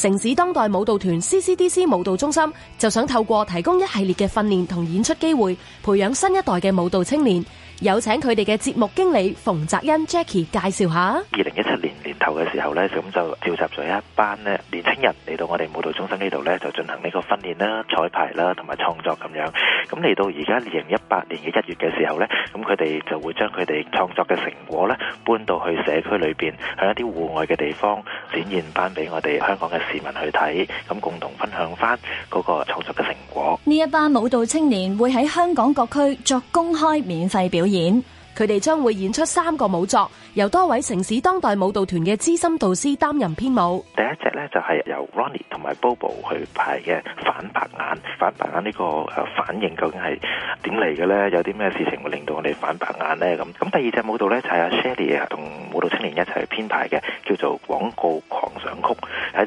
城市當代舞蹈團 CCDC 舞蹈中心就想透過提供一系列嘅訓練同演出機會，培養新一代嘅舞蹈青年。有請佢哋嘅節目經理馮澤恩 Jackie 介紹下。二零一七年年頭嘅時候咧，咁就召集咗一班咧年青人嚟到我哋舞蹈中心呢度咧，就進行呢個訓練啦、彩排啦同埋創作咁樣。咁嚟到而家二零一八年嘅一月嘅時候咧，咁佢哋就會將佢哋創作嘅成果咧搬到去社區裏邊，向一啲戶外嘅地方展現翻俾我哋香港嘅市民去睇，咁共同分享翻嗰個創作嘅成果。呢一班舞蹈青年會喺香港各區作公開免費表演，佢哋將會演出三個舞作，由多位城市當代舞蹈團嘅資深導師擔任編舞。第一隻呢，就係由 Ronnie 同埋 Bobo 去排嘅反白眼，反白眼呢個誒反應究竟係點嚟嘅呢？有啲咩事情會令到我哋反白眼呢？咁咁第二隻舞蹈呢，就係阿 Shelly 同舞蹈青年一齊去編排嘅，叫做廣告。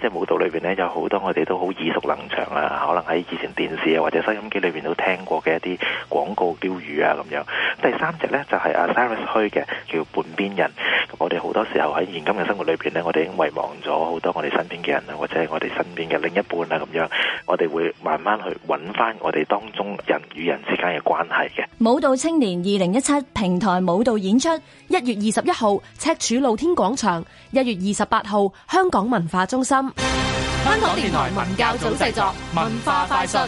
即係舞蹈裏邊咧，有好多我哋都好耳熟能詳啊，可能喺以前電視啊或者收音機裏邊都聽過嘅一啲廣告標語啊咁樣。第三隻呢，就係阿 Cyrus 許嘅叫半邊人。我哋好多時候喺現今嘅生活裏邊咧，我哋已經遺忘咗好多我哋身邊嘅人啊，或者我哋身邊嘅另一半啦，咁樣我哋會慢慢去揾返我哋當中人與人之間嘅關係嘅。舞蹈青年二零一七平台舞蹈演出，一月二十一號赤柱露天廣場，一月二十八號香港文化中心。香港電台文教組製作文化快訊。